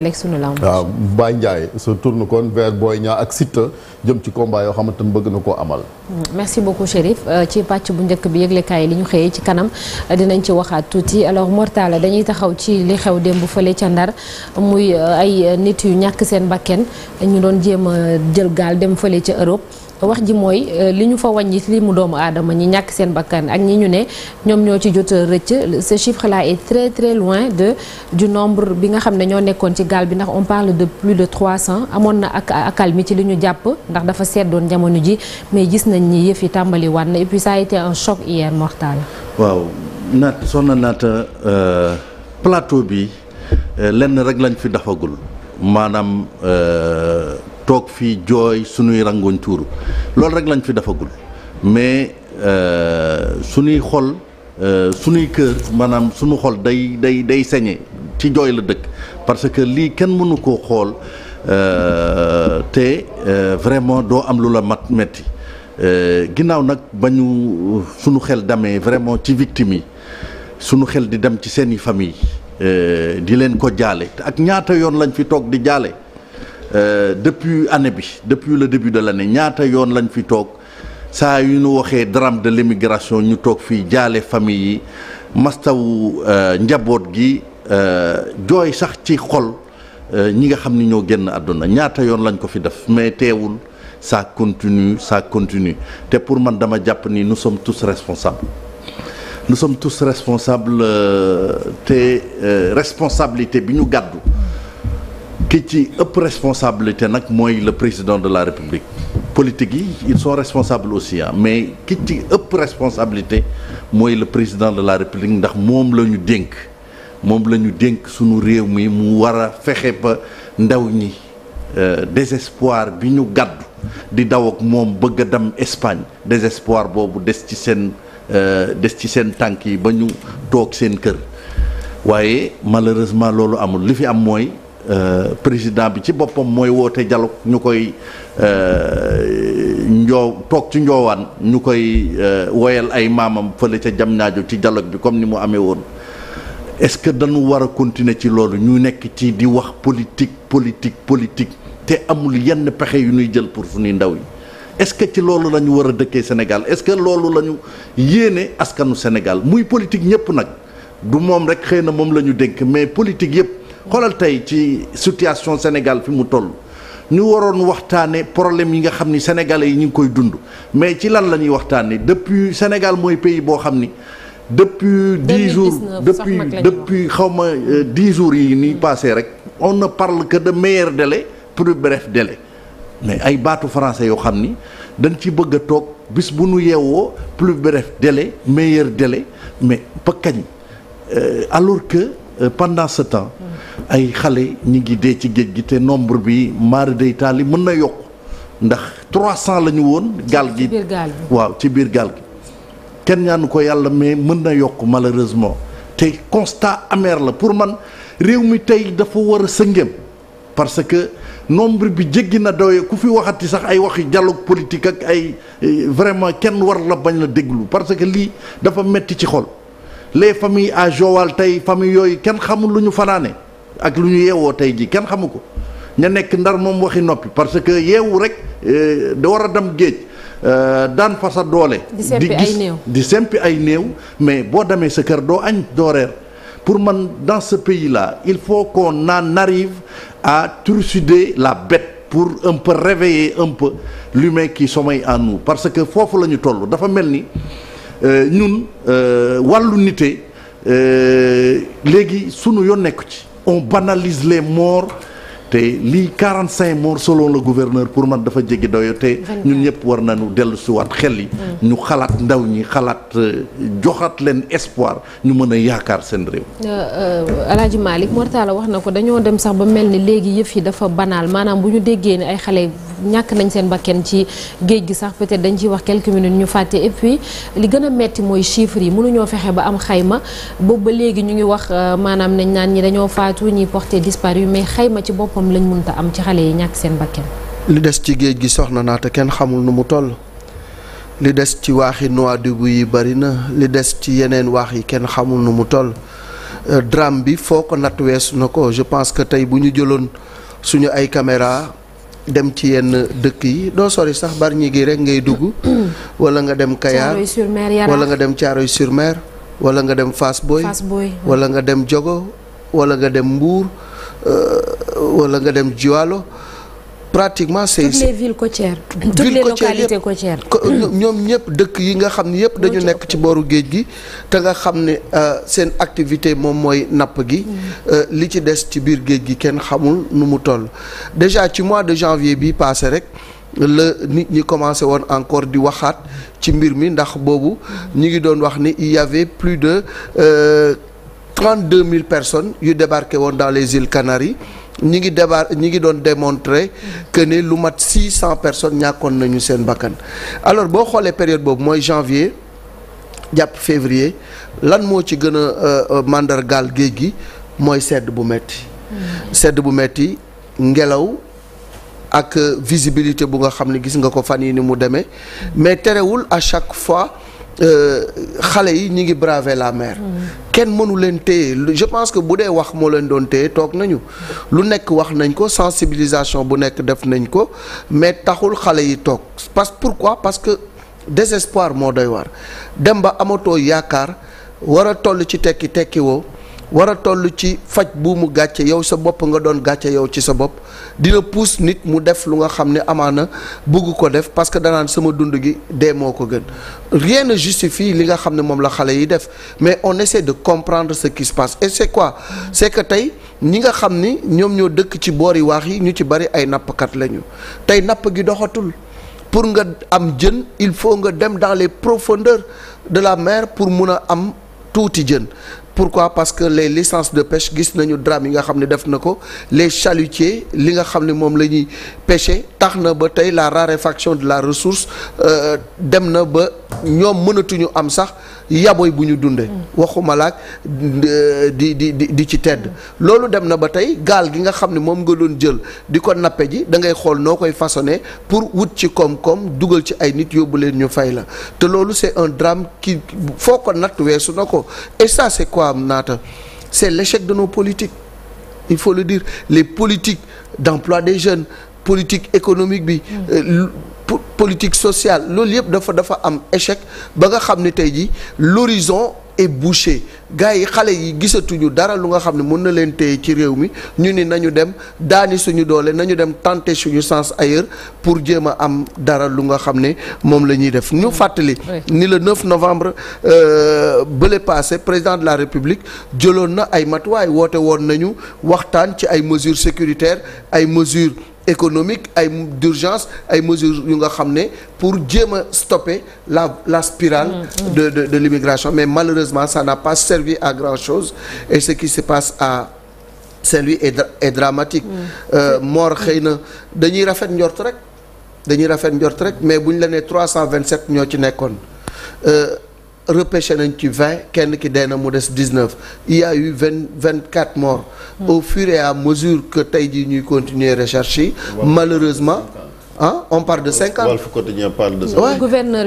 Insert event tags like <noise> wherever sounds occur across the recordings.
waaw Mbaye Ndiaye se tourne kon vers Boy Niang ak Siteu jëm ci combat yoo xamante ni bëgg na koo amal mm, merci beaucoup Chérif euh, ci pàcc bu njëkk bi yëglekaay li ñu xëyee ci kanam euh, dinañ ci waxaat tuuti alors Mortala dañuy taxaw ci li xew bu fële ca Ndar muy euh, ay nit yu ñàkk seen bakken ñu doon jéem a jël gaal dem fële ca Europe wax ji mooy euh, li ñu fa wàññi li mu doomu aadama ñi ñàkk seen bakkan ak ñi ñu ne ñoom ñoo ci jot rëcc ce chiffre là est très très loin de du nombre bi nga xam ne ñoo nekkoon ci gaal bi ndax on parle de plus de 300 amoon na ak accalmie ci li ñu jàpp ndax dafa seddoon jamono ji mais gis nañ ni yëf yi tàmbali waat na et puis ça a été un choc hier mortel. waaw naat naata euh, plateau bi euh, lenn rek lañ fi dafagul maanaam. toog fii jooy suñuy rangoñ tuuru loolu rek lañ fi defagul mais euh, suñuy xol euh, suñuy kër maanaam suñu xol day day day sañe ci jooy la dëkk parce que lii kenn mënu koo xool euh, te vraiment doo am lu la mat metti ginnaaw nag ba ñu suñu xel damee vraiment ci victime yi suñu xel di dem ci seeni famille di leen ko jaale ak ñaata yoon lañ fi toog di jaale Euh, depuis année bi depuis le début de l'année ñaata yoon lañu fi toog saa yu ñu waxee drame de l'immigration ñu toog fii jaale famille yi mastawu euh, njaboot gi euh, jooy sax ci xol ñi nga xam ni ñoo génn àdduna ñaata yoon lañ ko fi def mais teewul ça continue ça continue te pour man dama jàpp ni nous sommes tous responsables nous sommes tous responsables te responsabilité bi ñu gàddu ki ci ëpp responsabilité nag mooy le président de la république politique yi ils sont responsables aussi ah mais ki ci ëpp responsabilité mooy le président de la république ndax moom la ñu dénk moom la ñu dénk suñu réew mi mu war a fexe ba ndaw ñi euh, désespoir bi ñu gàddu di daw ak moom bëgg a dem Espagne désespoir boobu des ci seen euh, des ci seen tànk yi ba ñu toog seen kër waaye malheureusement loolu amul li fi am mooy Euh, président bi ci boppam mooy woote dialogue ñu koy euh, njoow toog ci njoowaan ñu koy euh, woyal ay maamam fële ca jam ñaajo ci dialogue bi comme ni mu amee woon est-ce que dañu war a continuer ci loolu ñu nekk ci di wax politique politique politique te amul yenn pexe yu nuy jël pour fu suñuy ndaw yi est-ce que ci loolu la ñu war a dëkkee Sénégal est-ce que loolu la ñu yéene askanu Sénégal muy politique ñëpp nag du moom rek xëy na moom la ñu dénk mais politique yëpp xoolal tey ci situation Sénégal fi mu toll ñu waroon waxtaane problème yi nga xam ni sénégalais yi ñu ngi koy dund mais ci lan la ñuy waxtaane depuis Sénégal mooy pays boo xam ni depuis dix jours depuis depuis xaw ma euh, dix jours yi nii passé rek on ne parle que de meilleur délai plus bref délai mais ay baatu français yoo xam ni dañ ci bëgg a toog bis bu nu yeewoo plus bref délai meilleur délai mais ba kañ euh, alors que Euh, pendant ce temps ay xale ñi ngi dee ci géej gi te nombre bi maari day taali mën na yokk ndax 300 la ñu woon gaal gi waaw ci biir gaal gi kenn ñaanu ko yàlla mais mën na yokk malheureusement te constat amer la pour man réew mi tey dafa war a sëngéem parce que nombre bi jéggi na doye ku fi waxati sax ay waxi dialogue politique ak ay eh, vraiment kenn war la bañ la déglu parce que lii dafa metti ci xol les familles à Joal tey famille yooyu kenn xamul lu ñu fanaane ak lu ñu yeewoo tey jii kenn xamu ko ña nekk ndar moom waxi noppi parce que yeewu rek euh, da war a dem géej euh, daan fa sa doole di gis di sempi ay néew mais boo demee sa kër doo añ doo reer pour man dans ce pays là il faut qu'on en arrive à trucider la bête pour un peu réveiller lu peu l'humain qui sommeille parce que foofu la ñu toll dafa mel ni Euh, ñun euh, wàllu nite euh, léegi sunu yoon nekku ci on banalise les morts te lii 45 morts selon le gouverneur pour man dafa jéggi doyo te ñun ñëpp war na nañu dellu siwaat xel yi mm. ñu xalaat ndaw ñi xalaat euh, joxaat leen espoir ñu mën a yaakaar seen réew euh, euh, Alaaji Malick Mortala wax na ko dañoo dem sax ba mel ni léegi yëf yi dafa banaal maanaam bu ñu déggee ni ay xale ñàkk nañ seen bakken ci géej gi sax peut-être dañ ciy wax quelques minutes ñu fàtte et li gën a metti mooy chiffres yi mënuñoo fexe ba am xayma boobu ba léegi ñu ngi wax maanaam nañ naan ñi dañoo faatu ñi porté disparu mais xayma ci bopp koom-koom lañ li des ci géej gi soxna naata kenn xamul nu mu toll li des ci waaxi Nouadhibou yi bari na li des ci yeneen waax yi kenn xamul nu mu toll euh, drame bi foo ko natt weesu na ko je pense que tey bu ñu jëloon suñu ay caméra dem ci yenn dëkk yi doo sori sax Bargny gi rek ngay dugg <coughs> wala nga dem Kayar wala nga dem Thiaroye sur Mer wala nga dem Fass Boye wala nga dem Diogo wala nga dem Mbour euh, wala nga dem Jiwaalo pratiquement c'est toutes les villes côtières. toutes les localités côtières ñoom ñëpp dëkk yi nga xam ne yëpp dañu nekk ci booru géej gi te nga xam ne euh, seen activité moom mooy napp gi. Mm. Euh, li ci des ci biir géej gi kenn xamul nu mu toll. déjà ci mois de janvier bi passé rek la nit ñi commencé woon encore di waxaat ci mbir mi ndax boobu ñu ngi doon wax ni il y avait plus de euh, trente deux mille personnes yu débarqué woon dans les îles Canaries. ñi ngi débar ñi ngi doon démontrer que ne lu mat six cent personnes ñàkkoon nañu seen bakkan alors boo xoolee période boobu mooy janvier jàpp février lan moo ci gën a euh, euh, màndargaal géej gi mooy sedd bu metti sedd bu metti ngelaw ak euh, visibilité bu nga xam ne gis nga ko fan yi ni mu demee mais terewul à chaque fois Euh, xale yi ñu ngi brave la mer. kenn mënu leen téye je pense que bu dee wax moo leen doon téye toog nañu lu nekk wax nañ ko sensibilisation bu nekk def nañ ko mais taxul xale yi toog parce pourquoi parce que désespoir moo doy war dem ba amatoo yaakaar war a toll ci tekki tekki woo war a toll ci faj bu mu gàcce yow sa bopp nga doon gàcce yow ci sa bopp dina puus nit mu def lu nga xam ne amaana bugg ko def parce que danaan sama dund gi dee moo ko gën rien ne justifie li nga xam ne moom la xale yi def mais on essaie de comprendre ce qui se passe et c'est quoi c'est que tey ñi nga xam ni ñoom ñoo dëkk ci boori waax yi ñu ci bari ay nappkat lañu tey napp gi doxatul pour nga am jën il faut nga dem dans les profondeurs de la mer pour mun a am tuuti jën pourquoi parce que les licences de pêche gis nañu drame yi nga xam ne def na ko les chalutiers li nga xam ne moom la ñuy pêcher tax na ba tey la raréfaction de la ressource euh, dem na ba ñoom mënatuñu am sax yaboy bu ñu dundee. Mm. waxuma waxumalaak di di di di ci tedd. loolu dem na ba tey gaal gi nga xam ne moom nga doon jël di ko nappe ji da ngay xool noo koy façonné pour wut ci koom-koom dugal ci ay nit yóbbu leen ñu fay la te loolu c'est un drame qui foo ko natt weesu na ko et ça c'est quoi naata c'est l'échec de nos politiques il faut le dire les politiques d'emploi des jeunes politique économique bi. Mm. Euh, pour politique sociale loolu yëpp dafa dafa am échec ba nga xam ne tey jii l'horizon et bouché gars yi xale yi gisatuñu dara lu nga xam ne mun na leen téye ci réew mi ñu ni nañu dem daani suñu doole nañu dem tenter suñu sens ailleurs pour jéem a am dara lu nga xam ne moom la ñuy def ñu fàttali ni le 9 novembre euh, bële passé président de la république jëloon na ay matuwaay woote woon nañu waxtaan ci ay mesures sécuritaire ay mesures économique ay d'urgence ay mesures yu nga xam ne pour jéem a stopper la la spirale mm, mm. de de de l'immigration mais malheureusement ça n'a pas servi à grand chose et ce qui se passe à Saint-Louis est, est dramatique mm. euh, mort xëy na dañuy rafet njort rek dañuy rafet njort rek mais bu ñu la nee 327 ñoo ci nekkoon euh, repêché nañ ci vingt kenn ki dee na mu des dix neuf il vingt vingt quatre morts. au fur et à mesure que tey jii ñuy continuer recherche yi. malheureusement. ah on parle de cinquante. Walf Quotidien parle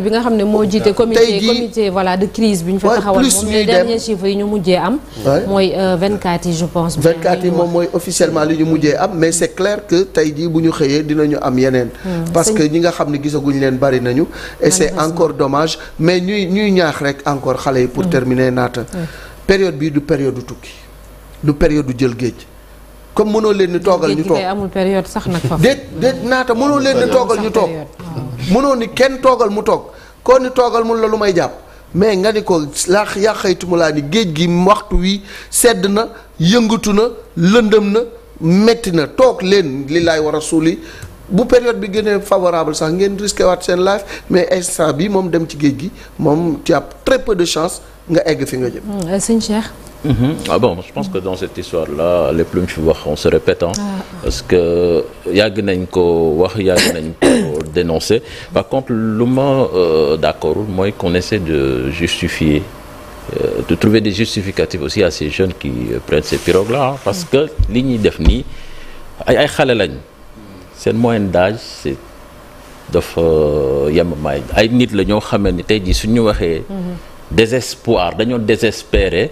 bi nga xam ne moo jiite. comité comité voilà de crise bi ñu fa taxawal moom mujjee am. mooy 24 euh, yi je pense. 24 yi moom mooy officiellement li ñu mujjee am mais c' est clair que tey jii bu ñu xëyee dinañu am yeneen. Hmm. parce que ñi nga xam ne gisaguñ leen bari nañu. et c' est encore domage mais ñuy ñuy ñaax rek encore xale yi. pour hmm. terminer naata. Hmm. période bi du période du tukki du période du jël géej. comme mënoo leen ni toogal ñu toog amul période sax nag fa déet déet naata mënoo leen ni toogal ñu toog mënoo ni kenn toogal mu toog koo ni toogal mun la lu may jàpp mais nga ni ko laa yaa xaytuma laa ni géej gi waxtu wi sedd na yëngatu na lëndëm na metti na toog leen li laay war a suuli bu période bi gën a favorable sax ngeen risqué waat seen life mais instant bi moom dem ci géej gi moom tu as très peu de chance nga egg fi nga jëm. Mm-hmm. ah bon je pense que dans cette histoire là lépp lu ñu fi wax on se répète ah. parce que yàgg nañ ko wax yàgg nañ ko dénoncer par contre lu ma euh, d'accord mooy qu'on essaie de justifier euh, de trouver des justificatifs aussi à ces jeunes qui euh, prennent ces pirogues là parce que li ñuy def nii ay ay xale lañ seen moyenne d'âge c'est dafa yemamaay ay nit la ñoo xamee ni tey jii suñu waxee mm-hmm. désespoir dañoo désespéré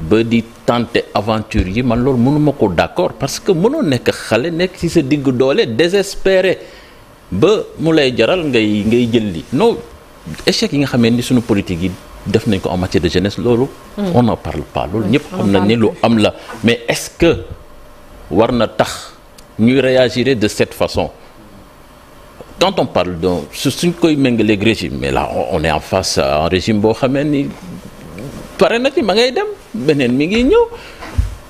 ba di tenter aventure yi man loolu mënuma ko d'accord parce que mënoo nekk xale nekk ci sa diggu doole désespéré ba mu lay jaral ngay ngay jël li non échec yi nga xamee ni suñu politique yi def nañ ko en matière de jeunesse loolu. Hmm. on n'en parle pas loolu ñëpp hmm. xam na ni lu am la mais est-ce que war na tax ñuy réagir de cette façon. quand on parle de su suñ koy méngaleeg régime mais là on est en face un régime boo xamee ni. pare na ci ma ngay dem beneen mi ngi ñëw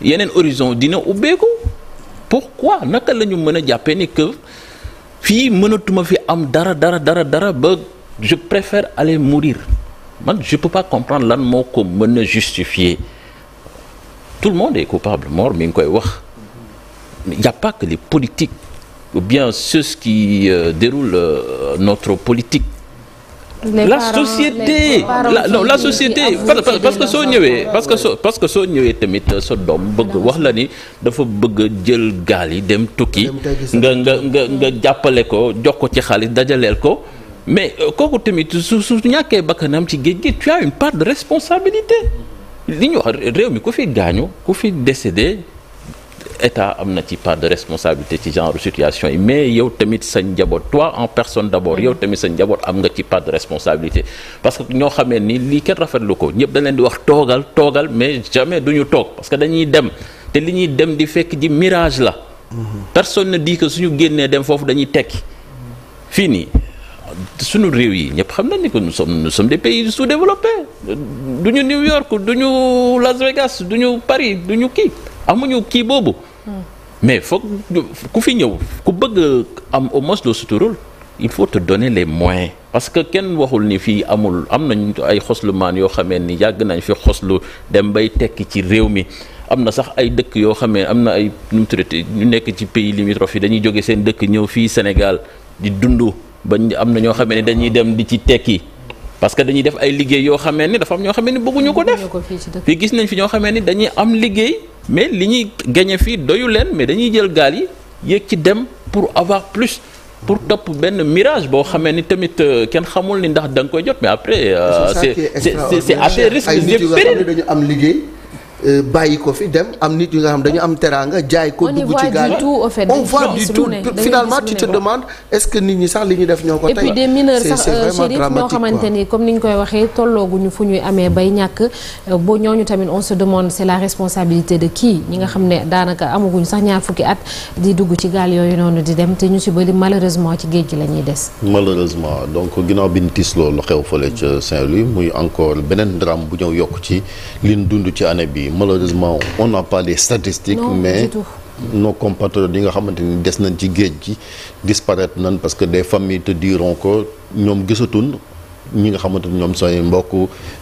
yeneen horizon dina ubbeeku pourquoi naka lañu ñu mën a jàppee ni que fii mënatuma fi am dara dara dara dara ba je préfère aller mourir man je peux pas comprendre lan moo ko mën a justifier tout le monde est coupable Mor mi ngi koy wax mais pas que les politiques ou bien ceux qui euh, déroulent euh, notre politique la société la non la société parce que soo ñëwee parce que soo parce que soo ñëwee tamit sa doom bëgg wax la ni dafa bëgg jël gaal yi dem tukki nga nga nga nga jàppale ko jox ko ci xaalis dajaleel ko mais euh, kooku tamit su su ñàkkee bakkanam ci géej gi tu une part de responsabilité li ñu wax réew mi ku fi gaañu ku fi décédé état am na ci part de responsabilité ci genre situation yi mais yow tamit sa njaboot toi en personne d'abord yow tamit sa njaboot am nga ci part de responsabilité parce que ñoo xamee ni lii kenn rafetlu ko ñëpp dañ di wax toogal toogal mais jamais du ñu toog parce que dañuy dem te li ñuy dem di fekk ji mirage la personne ne dit que suñu génnee dem foofu dañuy tekki fii nii suñu réew yi ñëpp xam nañ ni que nous sommes nous som des pays su développés du ñu New York du ñu Las Vegas du ñu Paris du ñu k amuñu kii boobu mais foog ku fi ñëw ku bëgg am au moins loo suturul il faut te donner les moyens parce que kenn waxul ni fii amul am nañ ay xoslumaan yoo xamee ni yàgg nañ fi xoslu dem bay tekki ci réew mi am na sax ay dëkk yoo xamee am na ay nu mu traité ñu nekk ci pays limitrophes yi dañuy jóge seen dëkk ñëw fii Sénégal di dund bañ am na ñoo xamee ni dañuy dem di ci tekki parce que dañuy def ay liggéey yoo xamee ni dafa am ñoo xamee ni bëgguñu ko def fii gis nañ fi ñoo xamee ni dañuy am liggéey mais li ñuy gañe fii doyu leen mais dañuy jël gaal yi yéeg ci dem pour avoir plus pour topp benn mirage boo xamee ni tamit euh, kenn xamul ni ndax da nga koy jot mais après euh, c'est c'est c'est assez risque c'est péril dañu am liggéey Euh, bàyyi ko fi dem am nit yu nga xam dañu am teraanga jaay ko dugg ci gaal on voit que nit ñi sax li ñu def ñoo ko tey et puis des euh, ni comme ni ñu koy waxee tollooguñu fu ñuy amee bay ñàkk euh, boo ñooñu tamit on se demande c'est la responsabilité de qui ñi nga xam ne daanaka amaguñu sax ñaar fukki at di dugg ci gaal yooyu noonu di dem te ñu si bëri malheureusement ci géej gi la ñuy des malheureusement donc ginnaaw bi ñu tiis loolu xew fële ca Saint-Louis muy encore beneen drame bu ñëw yokk ci liñ dund ci année bi malheureusement on a pas les statistiques non, mais nos compatriotes yi nga xamante ni des nañ ci géej gi disparaître nañ parce que des familles te diront ko ñoom gisatuñ ñi nga xamante ni ñoom sooy mbokk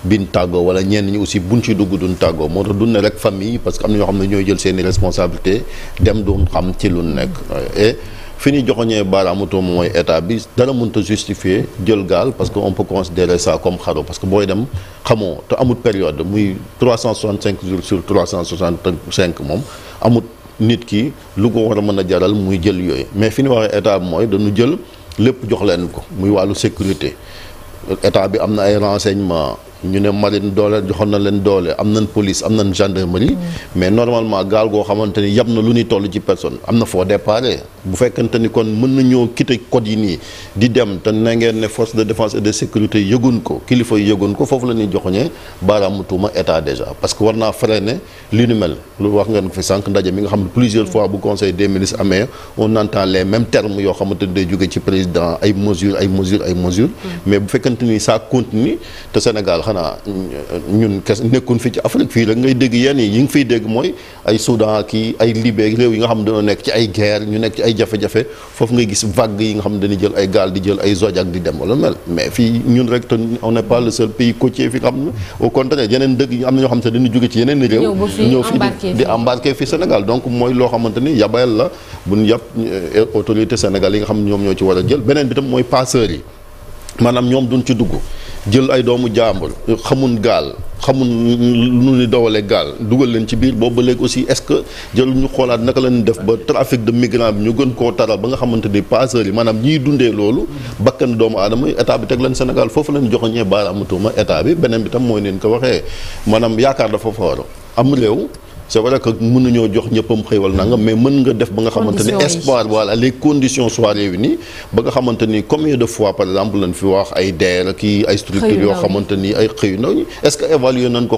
bin tàggoo wala ñenn ñi aussi buñ ci dugg duñ tàggoo moo tax duñ ne rek famille parce que am na ñoo xam ne ñooy jël seeni responsabilité dem duñ xam ci lu nekk et fi ñuy joxoñee baaraamu tuuma mooy état bi dara mënut a justifier jël gaal parce que on peut considérer ça comme xaru parce que booy dem xamoo te amut période muy 365 jours sur 365 moom amut nit ki lu ko war a mën a jaral muy jël yooyu mais fi ñu waxee état bi mooy dañu jël lépp jox leen ko muy wàllu sécurité état bi am na ay renseignements. ñu ne marine doole joxoon na leen doole am nañ police am nañ gendarmerie. mais normalement gaal goo xamante yab na lu ñuy toll ci personne am na foo déparé. bu fekkente ni kon mën nañoo quitter code yi nii di dem te na ne force de défense et de sécurité yëgun ko kilifa yi yëgun ko foofu la ñuy joxoñee baaraamu tuuma état déjà parce que war naa freiner li nu mel lu wax ngeen ko fi sànq ndaje mi nga xam ne plusieurs fois bu conseil des ministres amee xanaa ñun kes nekkuñ fi ci Afrique fii rek ngay dégg yenn yi yi ngi fiy dégg mooy ay Soudan kii ay Libye réew yi nga xam dañoo nekk ci ay guerre ñu nekk ci ay foofu ngay gis vague yi nga xam dañuy jël ay gaal di jël ay ak di dem wala mel mais fii ñun rek te on n'est pas le seul pays côtier fi nga xam ne au contraire yeneen dëgg yi am na ñoo xam te dañu jóge ci yeneen réew ñëw fi di embarqué fi Sénégal donc mooy loo xamante ni yabayal la buñ yàpp euh, autorité Sénégal yi nga xam ñoom ñoo ci war a jël beneen bi tam mooy passeurs yi maanaam ñoom duñ ci dugg jël ay doomu jàmbur xamun gaal xamun nu ni dowale gaal dugal leen ci biir boobu ba léegi aussi est-ce que jël ñu xoolaat naka lañu def ba trafic de migrants bi ñu gën koo tara ba nga xamante ni passeurs yi maanaam ñiy dundee loolu bakkan doomu aadama état bi teg leen Sénégal foofu leen joxoñee baaraamatuuma état bi beneen bi tam mooy neen ko waxee maanaam yaakaar dafa fooro am réew c' est vrai que mënuñoo jox ñëppam xëywal nangam mais mën nga def ba nga xamante ni espoir voilà les conditions soient ni ay DER kii ay structures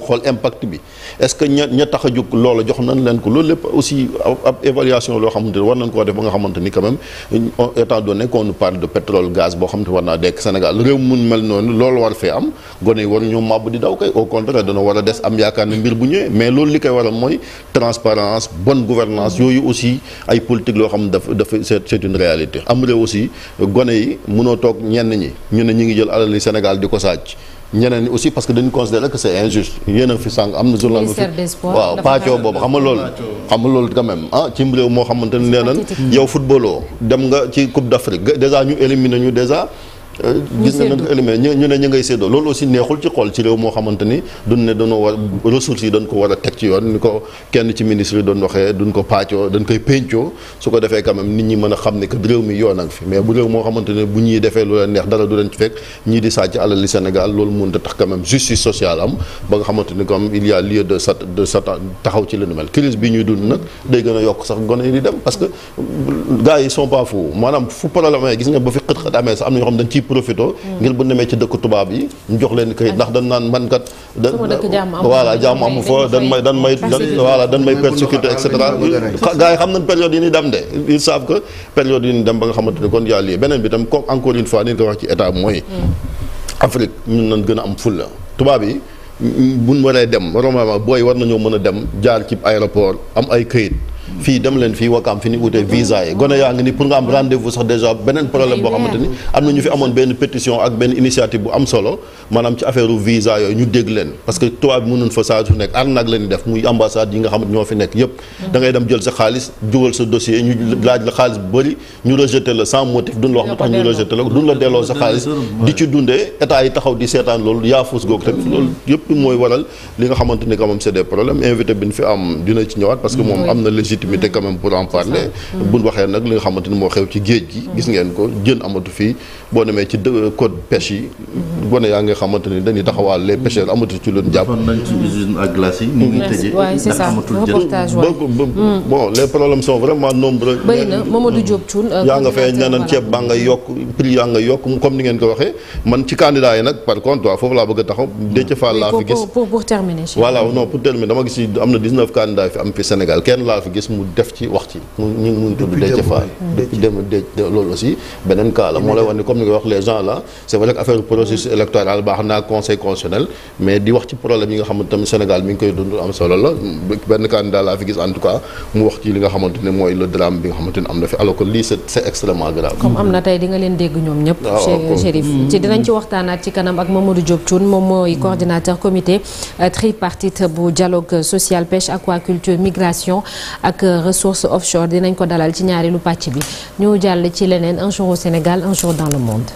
xool impact bi est ce que ña ña tax a jóg loola jox nañ leen ko loolu lépp aussi ab évaluation loo xamante ni war nañ koo def ba nga xamante ni quand donné qu'on nous de pétrole gaz boo xamante war naa dekk Sénégal réew mun mel noonu loolu war fee am gone yi war ñoo màbb di daw kay au dana war a des am yaakaar ne mbir bu ñëwee mais loolu li koy waral mooy transparence bonne gouvernance yooyu aussi ay politique loo xam dafa dafa c'est une réalité am réew aussi gone yi mënoo toog ñenn ñi ñu ne ñu ngi jël alal Sénégal di ko sàcc ñeneen ñi aussi parce que dañu considérer que c'est injuste yéen a fi sànq am na journal waaw paacoo boobu xam nga loolu xam nga loolu ah, réew moo xamante ne yow footballoo dem nga ci coupe d'Afrique déjà ñu éliminé ñu déjà gis nga leen éliminé ñu ñu ne ñu ngay séddoo loolu aussi neexul ci xool ci réew moo xamante ni ne dañoo war ressources yi dañ ko war a teg ci yoon ni ko kenn ci ministre doon waxee duñ ko paacoo dañ koy péncoo su ko defee quand nit ñi mën a xam ne que réew mi yoon fi mais bu réew moo xamante bu ñuy defee lu leen neex dara du leen fekk ñii di sàcc alal li Sénégal loolu mënut tax quand justice sociale am ba nga xamante ni comme lieu de sa de profité ngir bu demee ci dëkk tubaab yi ñu jox leen kayit ndax dañ naan man kat da voilà jàmm amu fa dan may dan may dan voilà dan may persécuté et cetera gars yi xam nañ période yi ni dem de ils savent que période yi ni dem ba nga xamante ni kon yàlla yi beneen bi tam comme encore une fois ni ko wax ci état mooy hmm. Afrique ñun nañ gën a am fulla tubaab yi buñ waree dem normalement booy war nañoo mën a dem jaar ci aéroport am ay kayit fii dem leen fii wakaam fi ni wutee visa yi gone yaa ngi ni pour nga am rendez-vous sax déjà beneen problème boo xamante am na ñu invité bi ñu fi am dina ci ñëwaat parce moom am na légitimité quand même pour en parler buñ waxee nag li nga xamante ni moo xew ci géej gi gis ngeen ko jën amatu fii boo demee ci code pêche yi gone yaa nga xamante ni dañuy taxawaal les pêcheurs amatu ci luñ jàpp nañ ci usine à glace yi ñu ngi tëjee ndax amatul jën hmm. bon les problèmes sont vraiment nombreux bëri na Mamadou Diop Thioune euh, yaa nga fee ñeneen ceeb baa nga yokk prix yaa nga yokk comme ni ngeen ko waxee man ci candidat yi nag par contre waaw foofu laa bëgg a taxaw hmm. Déthié Fall laa fi gis pour terminer voilà non pour terminer dama gis am na 19 candidats fi am fi Sénégal kenn laa fi gis mu def ci wax ci mu ñu ngi tudd Déthié Fall depuis loolu aussi beneen cas la moo lay wax ni comme ni nga wax les gens là c'est processus électoral baax naa conseil constitutionnel mais di wax ci problème yi nga xamante tamit Sénégal mi ngi koy dund am solo la benn candidat laa fi gis en tout cas mu wax li nga xamante ne mooy le drame bi nga xamante ne am na fi alors que lii c'est c'est extrêmement grave comme am na tey di leen dégg ñoom ñëpp ah, Chérif mm-hmm. ci ressources offshore dinañ ko dalal ci ñaareelu pàcc bi ñu jàll ci leneen un jour Sénégal un jour dans le monde